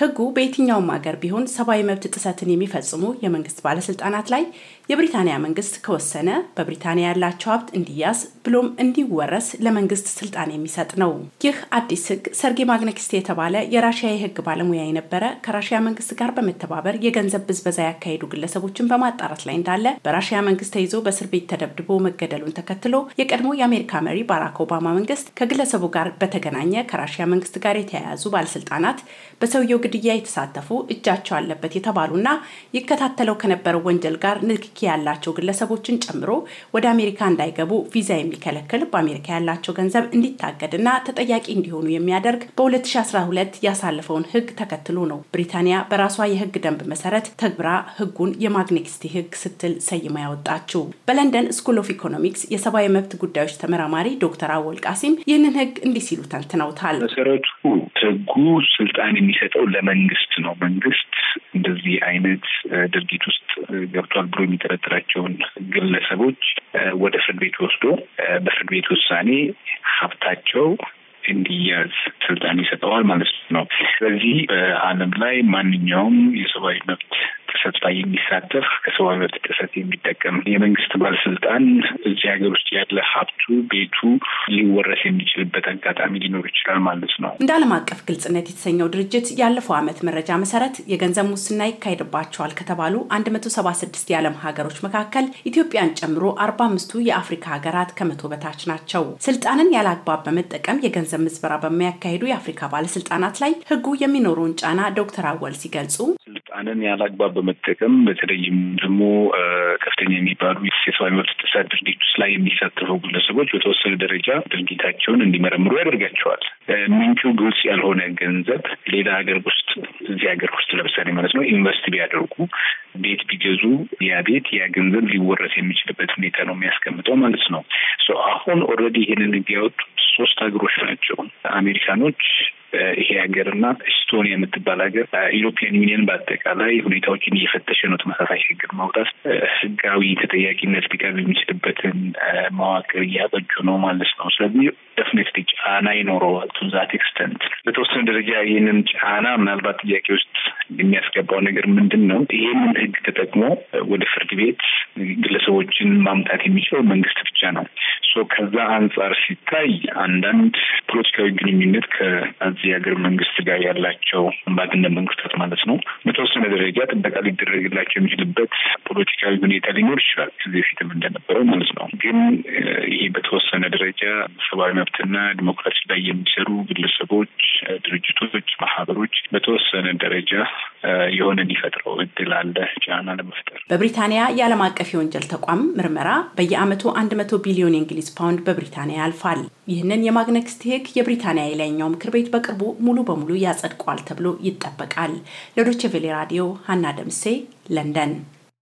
ህጉ በየትኛውም አገር ቢሆን ሰብአዊ መብት ጥሰትን የሚፈጽሙ የመንግስት ባለስልጣናት ላይ የብሪታንያ መንግስት ከወሰነ በብሪታንያ ያላቸው ሀብት እንዲያዝ ብሎም እንዲወረስ ለመንግስት ስልጣን የሚሰጥ ነው። ይህ አዲስ ህግ ሰርጌ ማግነክስቲ የተባለ የራሽያ የህግ ባለሙያ የነበረ ከራሽያ መንግስት ጋር በመተባበር የገንዘብ ብዝበዛ ያካሄዱ ግለሰቦችን በማጣራት ላይ እንዳለ በራሽያ መንግስት ተይዞ በእስር ቤት ተደብድቦ መገደሉን ተከትሎ የቀድሞ የአሜሪካ መሪ ባራክ ኦባማ መንግስት ከግለሰቡ ጋር በተገናኘ ከራሽያ መንግስት ጋር የተያያዙ ባለስልጣናት በሰውየው ግድያ የተሳተፉ እጃቸው አለበት የተባሉና ይከታተለው ከነበረው ወንጀል ጋር ንክኪ ያላቸው ግለሰቦችን ጨምሮ ወደ አሜሪካ እንዳይገቡ ቪዛ የሚከለክል በአሜሪካ ያላቸው ገንዘብ እንዲታገድና ተጠያቂ እንዲሆኑ የሚያደርግ በ2012 ያሳለፈውን ሕግ ተከትሎ ነው ብሪታንያ በራሷ የሕግ ደንብ መሰረት ተግብራ ሕጉን የማግኔክስቲ ሕግ ስትል ሰይማ ያወጣችው። በለንደን ስኩል ኦፍ ኢኮኖሚክስ የሰብአዊ መብት ጉዳዮች ተመራማሪ ዶክተር አወል ቃሲም ይህንን ሕግ እንዲህ ሲሉ ተንትነውታል። መሰረቱ ሕጉ ስልጣን የሚሰጠው ለመንግስት ነው። መንግስት እንደዚህ አይነት ድርጊት ውስጥ ገብቷል ብሎ የሚጠረጥራቸውን ግለሰቦች ወደ ፍርድ ቤት ወስዶ በፍርድ ቤት ውሳኔ ሀብታቸው እንዲያዝ ስልጣን ይሰጠዋል ማለት ነው። ስለዚህ በዓለም ላይ ማንኛውም የሰብአዊ መብት ስብሰባ የሚሳተፍ ከሰብአዊ መብት ጥሰት የሚጠቀም የመንግስት ባለስልጣን እዚህ ሀገር ውስጥ ያለ ሀብቱ ቤቱ ሊወረስ የሚችልበት አጋጣሚ ሊኖር ይችላል ማለት ነው። እንደ ዓለም አቀፍ ግልጽነት የተሰኘው ድርጅት ያለፈው ዓመት መረጃ መሰረት የገንዘብ ሙስና ይካሄድባቸዋል ከተባሉ 176 የዓለም ሀገሮች መካከል ኢትዮጵያን ጨምሮ 45ቱ የአፍሪካ ሀገራት ከመቶ በታች ናቸው። ስልጣንን ያላግባብ በመጠቀም የገንዘብ ምዝበራ በሚያካሂዱ የአፍሪካ ባለስልጣናት ላይ ህጉ የሚኖረውን ጫና ዶክተር አወል ሲገልጹ ስልጣንን ያላግባብ በመጠቀም በተለይም ደግሞ ከፍተኛ የሚባሉ የሰብአዊ መብት ጥሰት ድርጊቶች ላይ የሚሳተፉ ግለሰቦች በተወሰነ ደረጃ ድርጊታቸውን እንዲመረምሩ ያደርጋቸዋል። ምንጩ ግልጽ ያልሆነ ገንዘብ ሌላ ሀገር ውስጥ እዚህ ሀገር ውስጥ ለምሳሌ ማለት ነው ኢንቨስት ቢያደርጉ ቤት ቢገዙ ያ ቤት ያ ገንዘብ ሊወረስ የሚችልበት ሁኔታ ነው የሚያስቀምጠው ማለት ነው። አሁን ኦልሬዲ ይህንን ያወጡት ሶስት ሀገሮች ናቸው። አሜሪካኖች፣ ይሄ ሀገር እና ስቶን የምትባል ሀገር ዩሮፒያን ዩኒየን በአጠቃላይ ሁኔታዎችን እየፈተሸ ነው። ተመሳሳይ ህግ ማውጣት ህጋዊ ተጠያቂነት ሊቀርብ የሚችልበትን መዋቅር እያበጁ ነው ማለት ነው። ስለዚህ ደፍኔትሊ ጫና ይኖረዋል። ቱ ዛት ኤክስተንት በተወሰነ ደረጃ ይህንን ጫና ምናልባት ጥያቄ ውስጥ የሚያስገባው ነገር ምንድን ነው? ይህንን ህግ ተጠቅሞ ወደ ፍርድ ቤት ግለሰቦችን ማምጣት የሚችለው መንግስት ብቻ ነው። ከዛ አንጻር ሲታይ አንዳንድ ፖለቲካዊ ግንኙነት ከዚህ ሀገር መንግስት ጋር ያላቸው አምባገነን መንግስታት ማለት ነው በተወሰነ ደረጃ ጥበቃ ሊደረግላቸው የሚችልበት ፖለቲካዊ ሁኔታ ሊኖር ይችላል። ከዚህ በፊትም እንደነበረው ማለት ነው። ግን ይሄ በተወሰነ ደረጃ ሰብአዊ መብትና ዲሞክራሲ ላይ የሚሰሩ ግለሰቦች፣ ድርጅቶች፣ ማህበሮች በተወሰነ ደረጃ የሆነ እንዲፈጥረው እድል አለ ጫና ለመፍጠር። በብሪታንያ የዓለም አቀፍ የወንጀል ተቋም ምርመራ በየአመቱ አንድ መቶ ቢሊዮን የእንግሊዝ ፓውንድ በብሪታንያ ያልፋል። ይህንን የማግነክስቲ ህግ የብሪታንያ የላይኛው ምክር ቤት በቅርቡ ሙሉ በሙሉ ያጸድቋል ተብሎ ይጠበቃል። ለዶቼ ቬሌ ራዲዮ ሀና ደምሴ ለንደን